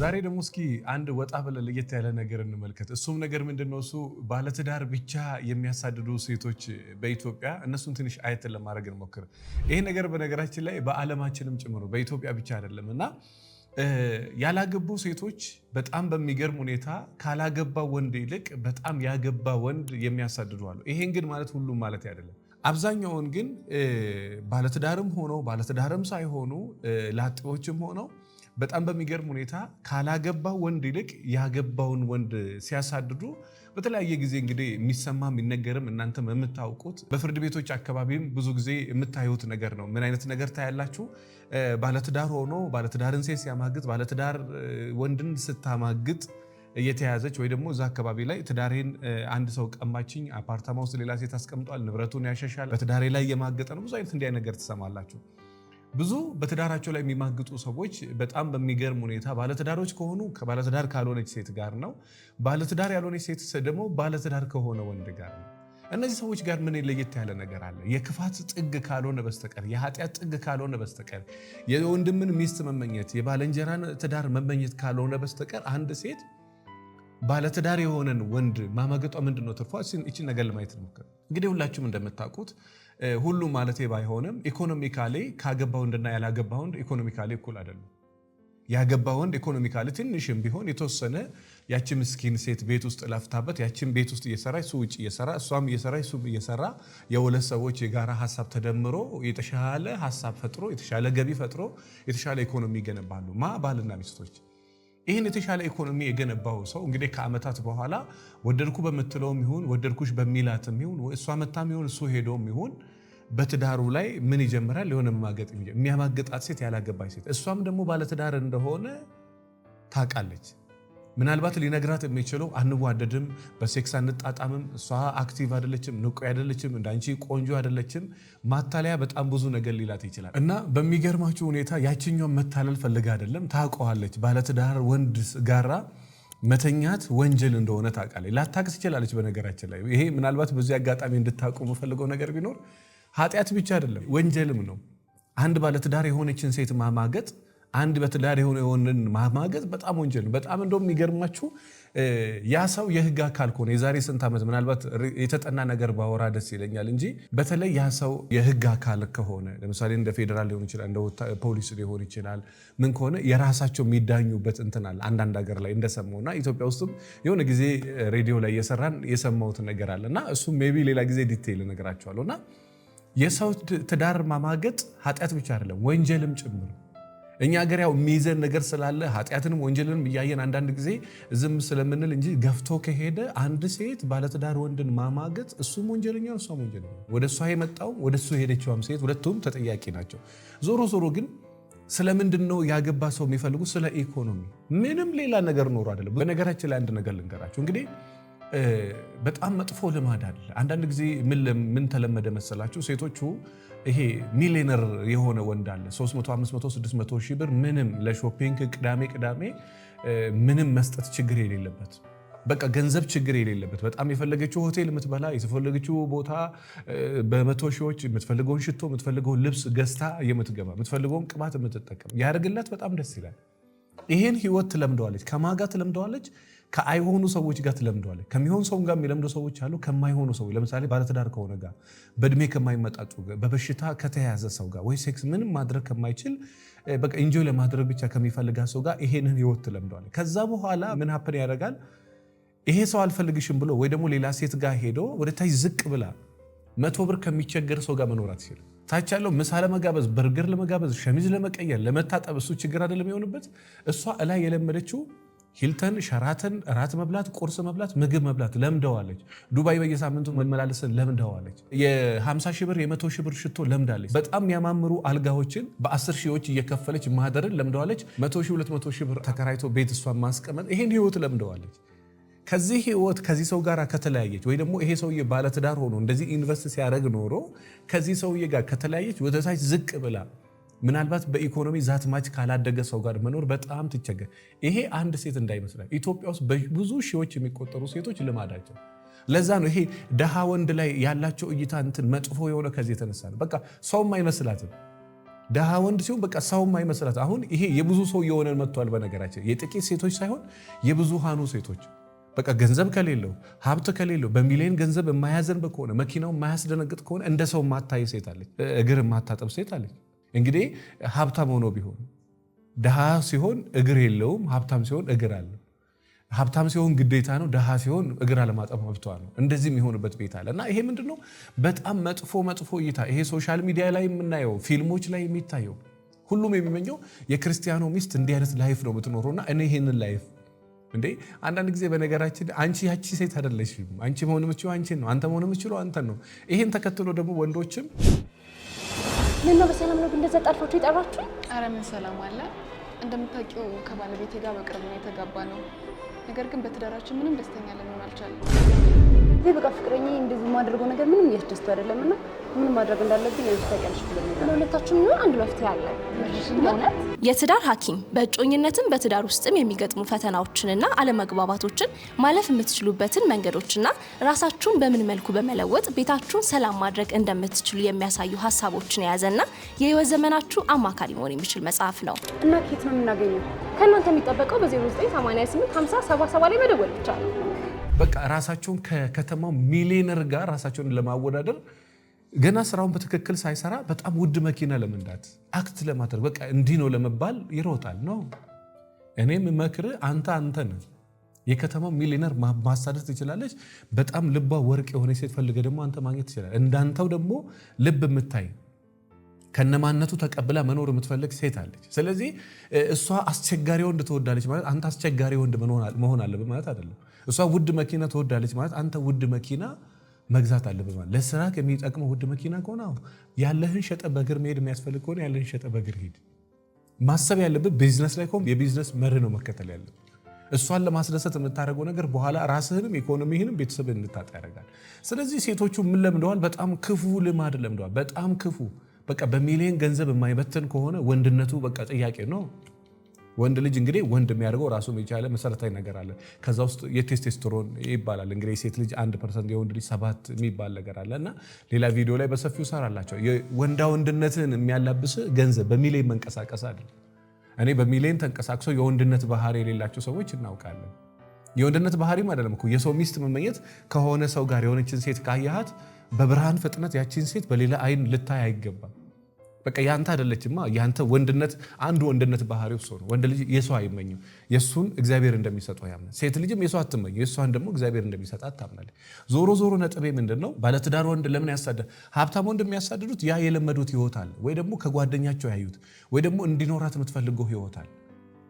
ዛሬ ደግሞ እስኪ አንድ ወጣ ብለን ለየት ያለ ነገር እንመልከት። እሱም ነገር ምንድነው? እሱ ባለትዳር ብቻ የሚያሳድዱ ሴቶች በኢትዮጵያ እነሱን ትንሽ አየትን ለማድረግ እንሞክር። ይህ ነገር በነገራችን ላይ በዓለማችንም ጭምር በኢትዮጵያ ብቻ አይደለም እና ያላገቡ ሴቶች በጣም በሚገርም ሁኔታ ካላገባ ወንድ ይልቅ በጣም ያገባ ወንድ የሚያሳድዱ አሉ። ይሄን ግን ማለት ሁሉም ማለት አይደለም። አብዛኛውን ግን ባለትዳርም ሆነው ባለትዳርም ሳይሆኑ ላጤዎችም ሆነው በጣም በሚገርም ሁኔታ ካላገባ ወንድ ይልቅ ያገባውን ወንድ ሲያሳድዱ በተለያየ ጊዜ እንግዲህ የሚሰማ የሚነገርም እናንተም የምታውቁት በፍርድ ቤቶች አካባቢም ብዙ ጊዜ የምታዩት ነገር ነው። ምን አይነት ነገር ታያላችሁ? ባለትዳር ሆኖ ባለትዳርን ሴት ሲያማግጥ፣ ባለትዳር ወንድን ስታማግጥ እየተያዘች ወይ ደግሞ እዛ አካባቢ ላይ ትዳሬን አንድ ሰው ቀማችኝ፣ አፓርታማ ውስጥ ሌላ ሴት አስቀምጧል፣ ንብረቱን ያሸሻል፣ በትዳሬ ላይ የማገጠ ነው። ብዙ አይነት እንዲህ ነገር ትሰማላችሁ። ብዙ በትዳራቸው ላይ የሚማግጡ ሰዎች በጣም በሚገርም ሁኔታ ባለትዳሮች ከሆኑ ባለትዳር ካልሆነች ሴት ጋር ነው። ባለትዳር ያልሆነች ሴት ደግሞ ባለትዳር ከሆነ ወንድ ጋር ነው። እነዚህ ሰዎች ጋር ምን ለየት ያለ ነገር አለ? የክፋት ጥግ ካልሆነ በስተቀር የኃጢአት ጥግ ካልሆነ በስተቀር የወንድምን ሚስት መመኘት የባለንጀራን ትዳር መመኘት ካልሆነ በስተቀር አንድ ሴት ባለትዳር የሆነን ወንድ ማማገጧ ነው ትርፏ? እቺ ነገር ለማየት እንሞክር። እንግዲህ ሁላችሁም እንደምታውቁት ሁሉም ማለት ባይሆንም ኢኮኖሚካሊ ካገባ ወንድና ያላገባ ወንድ ኢኮኖሚካሊ እኩል አይደሉም። ያገባ ወንድ ኢኮኖሚካሊ ትንሽም ቢሆን የተወሰነ ያቺ ምስኪን ሴት ቤት ውስጥ ለፍታበት ያቺን ቤት ውስጥ እየሰራ እሱ ውጭ እየሰራ እሷም እየሰራ እሱም እየሰራ የሁለት ሰዎች የጋራ ሀሳብ ተደምሮ የተሻለ ሀሳብ ፈጥሮ የተሻለ ገቢ ፈጥሮ የተሻለ ኢኮኖሚ ይገነባሉ። ማ ባልና ሚስቶች ይህን የተሻለ ኢኮኖሚ የገነባው ሰው እንግዲህ ከዓመታት በኋላ ወደድኩ በምትለውም ይሁን ወደድኩሽ በሚላትም ይሁን እሷ መታም ይሁን እሱ ሄዶም ይሁን በትዳሩ ላይ ምን ይጀምራል? የሆነ ማገጥ የሚያማግጣት ሴት፣ ያላገባች ሴት። እሷም ደግሞ ባለትዳር እንደሆነ ታውቃለች። ምናልባት ሊነግራት የሚችለው አንዋደድም፣ በሴክስ አንጣጣምም፣ እሷ አክቲቭ አይደለችም፣ ንቁ አይደለችም፣ እንዳንቺ ቆንጆ አይደለችም፣ ማታለያ በጣም ብዙ ነገር ሊላት ይችላል። እና በሚገርማችሁ ሁኔታ ያችኛውን መታለል ፈልጋ አይደለም፣ ታውቀዋለች። ባለትዳር ወንድ ጋራ መተኛት ወንጀል እንደሆነ ታውቃለች። ላታቅስ ይችላለች። በነገራችን ላይ ይሄ ምናልባት በዚህ አጋጣሚ እንድታውቁ የምፈልገው ነገር ቢኖር ኃጢአት ብቻ አይደለም፣ ወንጀልም ነው። አንድ ባለትዳር የሆነችን ሴት ማማገጥ አንድ በትዳር የሆነ የሆንን ማማገዝ በጣም ወንጀል ነው። በጣም እንደውም የሚገርማችሁ ያ ሰው የህግ አካል ከሆነ የዛሬ ስንት ዓመት ምናልባት የተጠና ነገር ባወራ ደስ ይለኛል እንጂ በተለይ ያ ሰው የህግ አካል ከሆነ ለምሳሌ እንደ ፌዴራል ሊሆን ይችላል፣ እንደ ፖሊስ ሊሆን ይችላል። ምን ከሆነ የራሳቸው የሚዳኙበት እንትን አለ አንዳንድ ሀገር ላይ እንደሰማው እና ኢትዮጵያ ውስጥም የሆነ ጊዜ ሬዲዮ ላይ እየሰራን የሰማሁት ነገር አለ እና እሱ ሜይ ቢ ሌላ ጊዜ ዲቴይል እነግራቸዋለሁ እና የሰው ትዳር ማማገጥ ኃጢአት ብቻ አይደለም ወንጀልም ጭምር እኛ ሀገር ያው የሚይዘን ነገር ስላለ ኃጢአትንም ወንጀልንም እያየን አንዳንድ ጊዜ ዝም ስለምንል እንጂ ገፍቶ ከሄደ አንድ ሴት ባለትዳር ወንድን ማማገጥ እሱም ወንጀለኛ ነው፣ እሷም ወንጀለኛ። ወደ እሷ የመጣው ወደ እሱ የሄደችውም ሴት ሁለቱም ተጠያቂ ናቸው። ዞሮ ዞሮ ግን ስለምንድን ነው ያገባ ሰው የሚፈልጉ? ስለ ኢኮኖሚ። ምንም ሌላ ነገር ኖሮ አይደለም። በነገራችን ላይ አንድ ነገር ልንገራቸው እንግዲህ በጣም መጥፎ ልማድ አለ። አንዳንድ ጊዜ ምን ተለመደ መሰላችሁ? ሴቶቹ ይሄ ሚሊነር የሆነ ወንድ አለ 300፣ 500፣ 600 ሺህ ብር ምንም ለሾፒንግ ቅዳሜ ቅዳሜ ምንም መስጠት ችግር የሌለበት በቃ ገንዘብ ችግር የሌለበት በጣም የፈለገችው ሆቴል የምትበላ የተፈለገችው ቦታ በመቶ ሺዎች የምትፈልገውን ሽቶ የምትፈልገውን ልብስ ገዝታ የምትገባ የምትፈልገውን ቅባት የምትጠቀም ያደርግላት። በጣም ደስ ይላል። ይሄን ህይወት ትለምደዋለች። ከማጋ ትለምደዋለች ከአይሆኑ ሰዎች ጋር ትለምደዋለ። ከሚሆን ሰው ጋር የሚለምዱ ሰዎች አሉ። ከማይሆኑ ሰው ለምሳሌ ባለትዳር ከሆነ ጋር፣ በእድሜ ከማይመጣጡ በበሽታ ከተያዘ ሰው ጋር ወይ ሴክስ ምንም ማድረግ ከማይችል በቃ ኢንጆይ ለማድረግ ብቻ ከሚፈልጋ ሰው ጋር ይሄንን ህይወት ትለምደዋለ። ከዛ በኋላ ምን ሀፕን ያደርጋል? ይሄ ሰው አልፈልግሽም ብሎ ወይ ደግሞ ሌላ ሴት ጋር ሄዶ ወደ ታች ዝቅ ብላ መቶ ብር ከሚቸገር ሰው ጋር መኖራት ሲል ታች ያለው ምሳ ለመጋበዝ በርገር ለመጋበዝ ሸሚዝ ለመቀየር ለመታጠብ እሱ ችግር አይደለም የሆንበት እሷ እላይ የለመደችው ሂልተን ሸራተን እራት መብላት ቁርስ መብላት ምግብ መብላት ለምደዋለች። ዱባይ በየሳምንቱ መመላለስን ለምደዋለች። የ50 ሺህ ብር የ100 ሺህ ብር ሽቶ ለምዳለች። በጣም የሚያማምሩ አልጋዎችን በ10 ሺዎች እየከፈለች ማደርን ለምደዋለች። 100 ሺህ 200 ሺህ ብር ተከራይቶ ቤት እሷን ማስቀመጥ ይሄን ህይወት ለምደዋለች። ከዚህ ህይወት ከዚህ ሰው ጋር ከተለያየች ወይ ደግሞ ይሄ ሰውዬ ባለትዳር ሆኖ እንደዚህ ኢንቨስት ሲያደርግ ኖሮ ከዚህ ሰውዬ ጋር ከተለያየች ወደታች ዝቅ ብላ ምናልባት በኢኮኖሚ ዛትማች ካላደገ ሰው ጋር መኖር በጣም ትቸገር። ይሄ አንድ ሴት እንዳይመስላል። ኢትዮጵያ ውስጥ ብዙ ሺዎች የሚቆጠሩ ሴቶች ልማዳቸው ለዛ ነው። ይሄ ደሃ ወንድ ላይ ያላቸው እይታ እንትን መጥፎ የሆነ ከዚህ የተነሳ ነው። በቃ ሰውም አይመስላትም። ደሃ ወንድ ሲሆን በቃ ሰውም አይመስላት። አሁን ይሄ የብዙ ሰው የሆነ መጥቷል። በነገራችን የጥቂት ሴቶች ሳይሆን የብዙሃኑ ሴቶች በቃ ገንዘብ ከሌለው ሀብት ከሌለው በሚሊዮን ገንዘብ የማያዘንብ ከሆነ መኪናው የማያስደነግጥ ከሆነ እንደ ሰው ማታይ ሴት አለች፣ እግር የማታጠብ ሴት አለች። እንግዲህ ሀብታም ሆኖ ቢሆን ድሃ ሲሆን እግር የለውም፣ ሀብታም ሲሆን እግር አለው። ሀብታም ሲሆን ግዴታ ነው፣ ድሃ ሲሆን እግር አለማጠፍ መብቷ ነው። እንደዚህ የሚሆንበት ቤት አለ እና ይሄ ምንድነው በጣም መጥፎ መጥፎ እይታ። ይሄ ሶሻል ሚዲያ ላይ የምናየው ፊልሞች ላይ የሚታየው ሁሉም የሚመኘው የክርስቲያኖ ሚስት እንዲህ አይነት ላይፍ ነው የምትኖረውና እኔ ይሄንን ላይፍ እንዴ አንዳንድ ጊዜ በነገራችን አንቺ ያቺ ሴት አይደለሽም። አንቺ መሆን የምችለው አንቺን ነው። አንተ መሆን የምችለው አንተን ነው። ይህን ተከትሎ ደግሞ ወንዶችም ምን ነው በሰላም ነው? ግን እንደዛ ጠርፋችሁ የጠራችሁ? አረ ምን ሰላም አለ። እንደምታውቂው ከባለቤቴ ጋር በቅርብ ነው የተጋባ ነው። ነገር ግን በትዳራችን ምንም ደስተኛ ልንሆን አልቻለም። ይሄ በቃ ፍቅረኛ እንደዚህ የማደርገው ነገር ምንም እያስደስተው አይደለም እና ምን ማድረግ እንዳለብኝ ያስታቀልሽ ብሎ ለሁለታችን ሆን አንድ መፍትሄ አለ። የትዳር ሐኪም በእጮኝነትም በትዳር ውስጥም የሚገጥሙ ፈተናዎችንና አለመግባባቶችን ማለፍ የምትችሉበትን መንገዶችና ራሳችሁን በምን መልኩ በመለወጥ ቤታችሁን ሰላም ማድረግ እንደምትችሉ የሚያሳዩ ሀሳቦችን የያዘና የህይወት ዘመናችሁ አማካሪ መሆን የሚችል መጽሐፍ ነው እና ኬት ነው የምናገኘው? ከእናንተ የሚጠበቀው በ0988 50 77 ላይ መደወል ብቻ ነው። በቃ ራሳቸውን ከከተማው ሚሊነር ጋር ራሳቸውን ለማወዳደር ገና ስራውን በትክክል ሳይሰራ በጣም ውድ መኪና ለመንዳት አክት ለማድረግ በቃ እንዲህ ነው ለመባል ይሮጣል ነው። እኔም መክር አንተ አንተ ነህ የከተማው ሚሊነር ማሳደድ ትችላለች። በጣም ልቧ ወርቅ የሆነ ሴት ፈልገ ደግሞ አንተ ማግኘት ትችላል። እንዳንተው ደግሞ ልብ የምታይ ከነማነቱ ተቀብላ መኖር የምትፈልግ ሴት አለች። ስለዚህ እሷ አስቸጋሪ ወንድ ትወዳለች ማለት አንተ አስቸጋሪ ወንድ መሆን አለብህ ማለት አይደለም። እሷ ውድ መኪና ትወዳለች ማለት አንተ ውድ መኪና መግዛት አለብህ ማለት ለስራ የሚጠቅመው ውድ መኪና ከሆነ ያለህን ሸጠ በእግር መሄድ የሚያስፈልግ ከሆነ ያለህን ሸጠ በእግር ሂድ። ማሰብ ያለብህ ቢዝነስ ላይ ከሆነ የቢዝነስ መርህ ነው መከተል ያለብህ። እሷን ለማስደሰት የምታደርገው ነገር በኋላ ራስህንም ኢኮኖሚህንም ቤተሰብ እንድታጣ ያደርጋል። ስለዚህ ሴቶቹ ምን ለምደዋል? በጣም ክፉ ልማድ ለምደዋል። በጣም ክፉ በቃ በሚሊዮን ገንዘብ የማይበትን ከሆነ ወንድነቱ በቃ ጥያቄ ነው። ወንድ ልጅ እንግዲህ ወንድ የሚያደርገው ራሱ የቻለ መሰረታዊ ነገር አለ። ከዛ ውስጥ የቴስቴስትሮን ይባላል እንግዲህ የሴት ልጅ አንድ ፐርሰንት የወንድ ልጅ ሰባት የሚባል ነገር አለ እና ሌላ ቪዲዮ ላይ በሰፊው ሰራላቸው። ወንዳ ወንድነትን የሚያላብስ ገንዘብ በሚሊዮን መንቀሳቀስ አይደለም። እኔ በሚሊዮን ተንቀሳቅሰው የወንድነት ባህሪ የሌላቸው ሰዎች እናውቃለን። የወንድነት ባህሪም አይደለም እኮ የሰው ሚስት መመኘት። ከሆነ ሰው ጋር የሆነችን ሴት ካያሃት በብርሃን ፍጥነት ያችን ሴት በሌላ አይን ልታይ አይገባም። በቃ ያንተ አይደለችማ። ያንተ ወንድነት አንዱ ወንድነት ባህሪው እሱ ነው። ወንድ ልጅ የሷ አይመኝም፣ የእሱን እግዚአብሔር እንደሚሰጠው ያምናል። ሴት ልጅም የሷ አትመኝ፣ የእሷን ደግሞ እግዚአብሔር እንደሚሰጣት ታምናለች። ዞሮ ዞሮ ነጥቤ ምንድን ነው? ባለትዳር ወንድ ለምን ያሳደ ሀብታም ወንድ የሚያሳድዱት ያ የለመዱት ህይወት አለ ወይ ደግሞ ከጓደኛቸው ያዩት ወይ ደግሞ እንዲኖራት የምትፈልገው ህይወት አለ።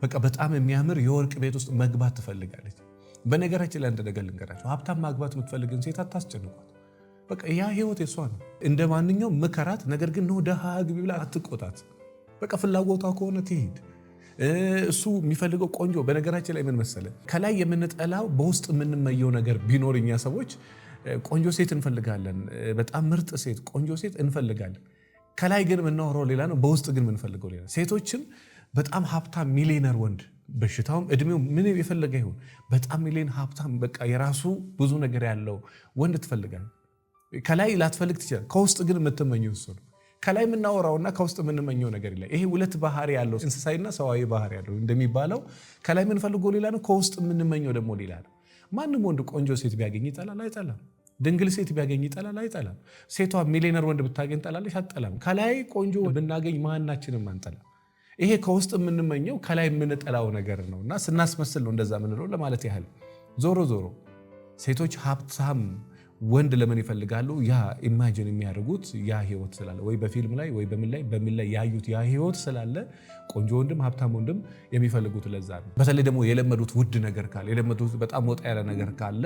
በቃ በጣም የሚያምር የወርቅ ቤት ውስጥ መግባት ትፈልጋለች። በነገራችን ላይ አንድ ነገር ልንገራቸው፣ ሀብታም ማግባት የምትፈልግን ሴት አታስጨንቋት። በቃ ያ ህይወት የሷ ነው። እንደ ማንኛውም ምከራት፣ ነገር ግን ነው ደሃ ግቢ ብላ አትቆጣት። በቃ ፍላጎቷ ከሆነ ትሄድ። እሱ የሚፈልገው ቆንጆ። በነገራችን ላይ ምን መሰለ፣ ከላይ የምንጠላው በውስጥ የምንመየው ነገር ቢኖር እኛ ሰዎች ቆንጆ ሴት እንፈልጋለን። በጣም ምርጥ ሴት፣ ቆንጆ ሴት እንፈልጋለን። ከላይ ግን የምናወራው ሌላ ነው፣ በውስጥ ግን የምንፈልገው ሌላ። ሴቶችም በጣም ሀብታም ሚሊነር ወንድ በሽታውም እድሜው ምን የፈለገ ይሁን በጣም ሚሊዮን ሀብታም በቃ የራሱ ብዙ ነገር ያለው ወንድ ትፈልጋል። ከላይ ላትፈልግ ትችላል። ከውስጥ ግን የምትመኘው እሱ ነው። ከላይ የምናወራውና ከውስጥ የምንመኘው ነገር ይላል። ይሄ ሁለት ባህሪ ያለው እንስሳዊና ሰዋዊ ባህሪ ያለው እንደሚባለው ከላይ የምንፈልገው ሌላ ነው፣ ከውስጥ የምንመኘው ደግሞ ሌላ ነው። ማንም ወንድ ቆንጆ ሴት ቢያገኝ ይጠላል አይጠላም? ድንግል ሴት ቢያገኝ ይጠላል አይጠላም? ሴቷ ሚሊነር ወንድ ብታገኝ ጠላለች አጠላም? ከላይ ቆንጆ ብናገኝ ማናችንም አንጠላም። ይሄ ከውስጥ የምንመኘው ከላይ የምንጠላው ነገር ነው እና ስናስመስል ነው እንደዛ ምንለው ለማለት ያህል ዞሮ ዞሮ ሴቶች ሀብታም ወንድ ለምን ይፈልጋሉ? ያ ኢማጂን የሚያደርጉት ያ ህይወት ስላለ ወይ በፊልም ላይ ወይ በምን ላይ በምን ላይ ያዩት ያ ህይወት ስላለ ቆንጆ ወንድም ሀብታም ወንድም የሚፈልጉት ለዛ ነው። በተለይ ደግሞ የለመዱት ውድ ነገር ካለ የለመዱት በጣም ወጣ ያለ ነገር ካለ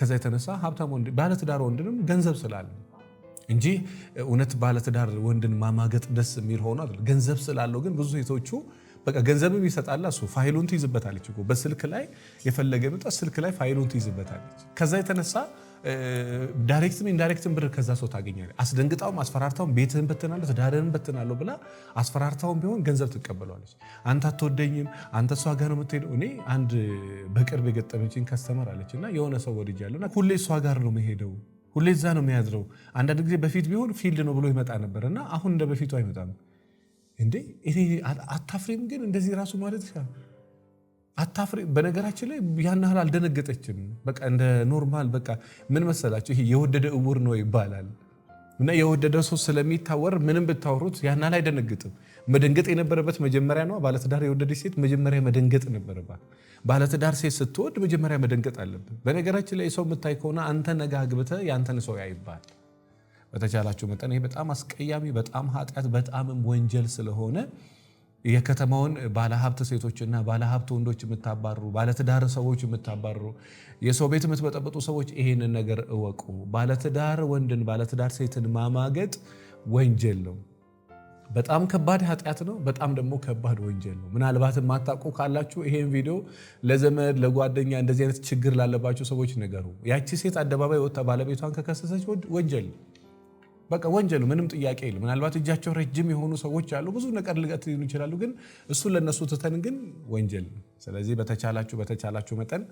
ከዛ የተነሳ ሀብታም ወንድ ባለትዳር ወንድንም ገንዘብ ስላለ እንጂ እውነት ባለትዳር ወንድን ማማገጥ ደስ የሚል ሆኖ ገንዘብ ስላለው ግን ብዙ ሴቶቹ በቃ ገንዘብም ይሰጣል። እሱ ፋይሉን ትይዝበታለች። በስልክ ላይ የፈለገ መጣ ስልክ ላይ ፋይሉን ትይዝበታለች። ከዛ የተነሳ ዳይሬክትም ኢንዳይሬክትም ብር ከዛ ሰው ታገኛለህ። አስደንግጣውም አስፈራርታውም ቤትህን በትናለሁ ትዳርህን በትናለሁ ብላ አስፈራርታውም ቢሆን ገንዘብ ትቀበሏለች። አንተ አትወደኝም፣ አንተ እሷ ጋር ነው የምትሄደው። እኔ አንድ በቅርብ የገጠመችን ከስተመር አለች እና የሆነ ሰው ወድጃለሁ እና ሁሌ እሷ ጋር ነው መሄደው ሁሌ እዛ ነው የሚያድረው። አንዳንድ ጊዜ በፊት ቢሆን ፊልድ ነው ብሎ ይመጣ ነበር እና አሁን እንደ በፊቱ አይመጣም። እንዴ አታፍሬም ግን እንደዚህ ራሱ ማለት አታፍሬ በነገራችን ላይ ያን ያህል አልደነገጠችም። በቃ እንደ ኖርማል በቃ ምን መሰላቸው፣ ይሄ የወደደ እውር ነው ይባላል እና የወደደ ሰው ስለሚታወር ምንም ብታወሩት ያን ያህል አይደነግጥም። መደንገጥ የነበረበት መጀመሪያ ነው። ባለትዳር የወደደች ሴት መጀመሪያ መደንገጥ ነበረባት። ባለትዳር ሴት ስትወድ መጀመሪያ መደንገጥ አለብን። በነገራችን ላይ ሰው የምታይ ከሆነ አንተ ነገ አግብተህ ያንተን ሰው ያይባል። በተቻላችሁ መጠን ይሄ በጣም አስቀያሚ፣ በጣም ኃጢአት፣ በጣምም ወንጀል ስለሆነ የከተማውን ባለሀብት ሴቶችና ባለሀብት ወንዶች የምታባሩ፣ ባለትዳር ሰዎች የምታባሩ፣ የሰው ቤት የምትበጠበጡ ሰዎች ይሄንን ነገር እወቁ። ባለትዳር ወንድን ባለትዳር ሴትን ማማገጥ ወንጀል ነው። በጣም ከባድ ኃጢአት ነው። በጣም ደግሞ ከባድ ወንጀል ነው። ምናልባት የማታውቁ ካላችሁ ይሄን ቪዲዮ ለዘመድ ለጓደኛ፣ እንደዚህ አይነት ችግር ላለባቸው ሰዎች ነገሩ ያቺ ሴት አደባባይ ወጥታ ባለቤቷን ከከሰሰች ወንጀል ነው። በቃ ወንጀሉ ምንም ጥያቄ የለም። ምናልባት እጃቸው ረጅም የሆኑ ሰዎች አሉ፣ ብዙ ነገር ልቀት ሊሆኑ ይችላሉ። ግን እሱን ለነሱ ትተን ግን ወንጀል። ስለዚህ በተቻላችሁ በተቻላችሁ መጠን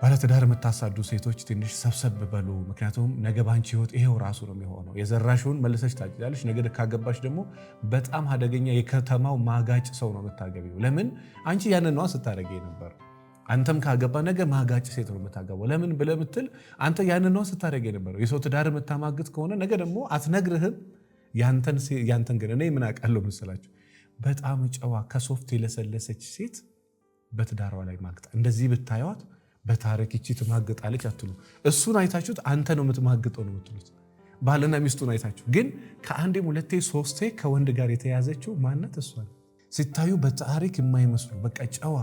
ባለትዳር የምታሳዱ ሴቶች ትንሽ ሰብሰብ በሉ። ምክንያቱም ነገ ባንቺ ህይወት ይሄው ራሱ ነው የሚሆነው። የዘራሽውን መልሰች ታጭዳለች። ነገ ካገባሽ ደግሞ በጣም አደገኛ የከተማው ማጋጭ ሰው ነው የምታገቢው። ለምን አንቺ ያንን ነዋ ስታደርጊ ነበር። አንተም ካገባ ነገ ማጋጭ ሴት ነው የምታገባው። ለምን ብለህ አንተ ያንን ነው ስታደርግ የነበረው። የሰው ትዳር የምታማግጥ ከሆነ ነገ ደግሞ አትነግርህም። ያንተን ግን እኔ ምን አውቃለሁ መሰላችሁ በጣም ጨዋ ከሶፍት የለሰለሰች ሴት በትዳሯ ላይ ማግጣ እንደዚህ ብታየዋት በታሪክ ይቺ ትማግጣለች አትሉ። እሱን አይታችሁት አንተ ነው የምትማግጠው ነው የምትሉት። ባልና ሚስቱን አይታችሁ ግን ከአንዴም ሁለቴ ሶስቴ ከወንድ ጋር የተያዘችው ማናት? እሷ ሲታዩ በታሪክ የማይመስሉ በቃ ጨዋ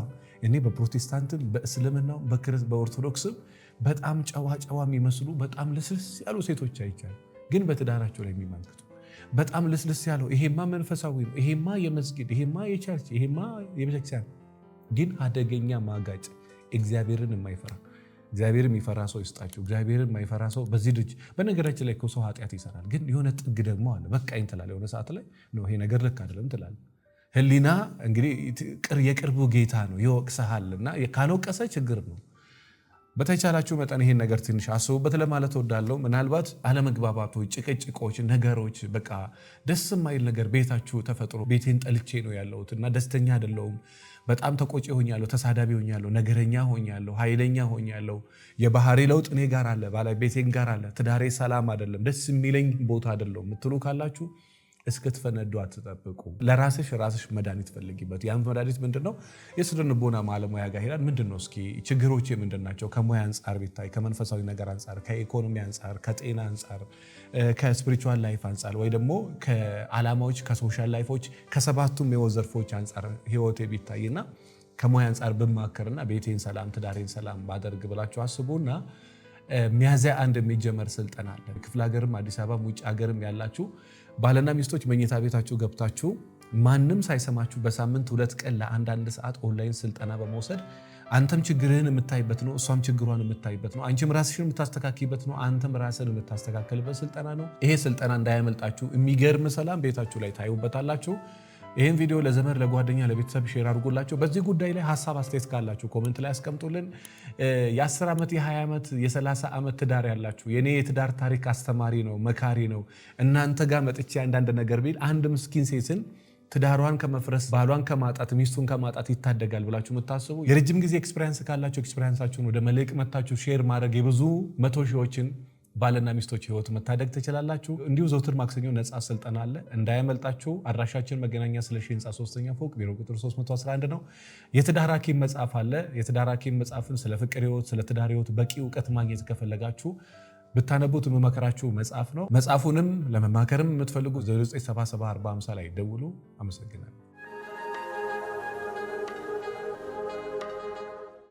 እኔ በፕሮቴስታንትም በእስልምናው በኦርቶዶክስም በጣም ጨዋ ጨዋ የሚመስሉ በጣም ልስልስ ያሉ ሴቶች አይቻል፣ ግን በትዳራቸው ላይ የሚማልክቱ በጣም ልስልስ ያለው ይሄማ መንፈሳዊ ነው፣ ይሄማ የመስጊድ፣ ይሄማ የቸርች፣ ይሄማ የቤተክርስቲያን፣ ግን አደገኛ ማጋጭ፣ እግዚአብሔርን የማይፈራ እግዚአብሔር የሚፈራ ሰው ይስጣቸው። እግዚአብሔር የማይፈራ ሰው በዚህ ድርጅ በነገራችን ላይ ሰው ኃጢአት ይሰራል፣ ግን የሆነ ጥግ ደግሞ አለ። በቃኝ ትላለህ የሆነ ሰዓት ላይ ይሄ ነገር ልክ አይደለም ትላለህ ህሊና እንግዲህ የቅርቡ ጌታ ነው ይወቅሰሃል እና ካልወቀሰ ችግር ነው። በተቻላችሁ መጠን ይሄን ነገር ትንሽ አስቡበት ለማለት ወዳለው። ምናልባት አለመግባባቶች፣ ጭቅጭቆች፣ ነገሮች በቃ ደስ የማይል ነገር ቤታችሁ ተፈጥሮ ቤቴን ጠልቼ ነው ያለሁት እና ደስተኛ አይደለሁም፣ በጣም ተቆጪ ሆኛለሁ፣ ተሳዳቢ ሆኛለሁ፣ ነገረኛ ሆኛለሁ፣ ኃይለኛ ሆኛለሁ፣ የባህሪ ለውጥ እኔ ጋር አለ፣ ባለቤቴን ጋር አለ፣ ትዳሬ ሰላም አይደለም፣ ደስ የሚለኝ ቦታ አይደለሁም ምትሉ ካላችሁ እስክትፈነዱ አትጠብቁ። ለራስሽ ራስሽ መድኃኒት ፈልጊበት። ያን መድኃኒት ምንድን ነው? የስነ ልቦና ባለሙያ ጋር ሄዳል። ምንድን ነው እስኪ ችግሮች ምንድን ናቸው? ከሙያ አንጻር ቢታይ፣ ከመንፈሳዊ ነገር አንጻር፣ ከኢኮኖሚ አንጻር፣ ከጤና አንጻር፣ ከስፕሪቹዋል ላይፍ አንጻር ወይ ደግሞ ከዓላማዎች ከሶሻል ላይፎች ከሰባቱም የህይወት ዘርፎች አንጻር ህይወቴ ቢታይና ከሙያ አንጻር ብማከርና ቤቴን ሰላም ትዳሬን ሰላም ባደርግ ብላችሁ አስቡና ሚያዝያ አንድ የሚጀመር ስልጠና አለ። ክፍለ ሀገርም አዲስ አበባም ውጭ ሀገርም ያላችሁ ባለና ሚስቶች መኝታ ቤታችሁ ገብታችሁ ማንም ሳይሰማችሁ በሳምንት ሁለት ቀን ለአንዳንድ ሰዓት ኦንላይን ስልጠና በመውሰድ አንተም ችግርህን የምታይበት ነው፣ እሷም ችግሯን የምታይበት ነው። አንቺም ራስሽን የምታስተካክይበት ነው፣ አንተም ራስን የምታስተካከልበት ስልጠና ነው። ይሄ ስልጠና እንዳያመልጣችሁ። የሚገርም ሰላም ቤታችሁ ላይ ታዩበታላችሁ። ይህን ቪዲዮ ለዘመድ ለጓደኛ ለቤተሰብ ሼር አድርጎላቸው። በዚህ ጉዳይ ላይ ሀሳብ አስተያየት ካላችሁ ኮመንት ላይ አስቀምጡልን። የ10 ዓመት የ20 ዓመት የ30 ዓመት ትዳር ያላችሁ የኔ የትዳር ታሪክ አስተማሪ ነው መካሪ ነው እናንተ ጋር መጥቼ አንዳንድ ነገር ቢል አንድ ምስኪን ሴትን ትዳሯን ከመፍረስ ባሏን ከማጣት ሚስቱን ከማጣት ይታደጋል ብላችሁ የምታስቡ የረጅም ጊዜ ኤክስፔሪንስ ካላችሁ ኤክስፔሪንሳችሁን ወደ መልሕቅ መታችሁ ሼር ማድረግ የብዙ መቶ ሺዎችን ባልና ሚስቶች ህይወት መታደግ ትችላላችሁ። እንዲሁ ዘውትር ማክሰኞ ነፃ ስልጠና አለ፣ እንዳያመልጣችሁ። አድራሻችን መገናኛ ስለ ሺ ህንፃ ሶስተኛ ፎቅ ቢሮ ቁጥር 311 ነው። የትዳር ሐኪም መጽሐፍ አለ። የትዳር ሐኪም መጽሐፍን ስለ ፍቅር ህይወት፣ ስለ ትዳር ህይወት በቂ እውቀት ማግኘት ከፈለጋችሁ ብታነቡት የምመከራችሁ መጽሐፍ ነው። መጽሐፉንም ለመማከርም የምትፈልጉ 97745 ላይ ደውሉ። አመሰግናለሁ።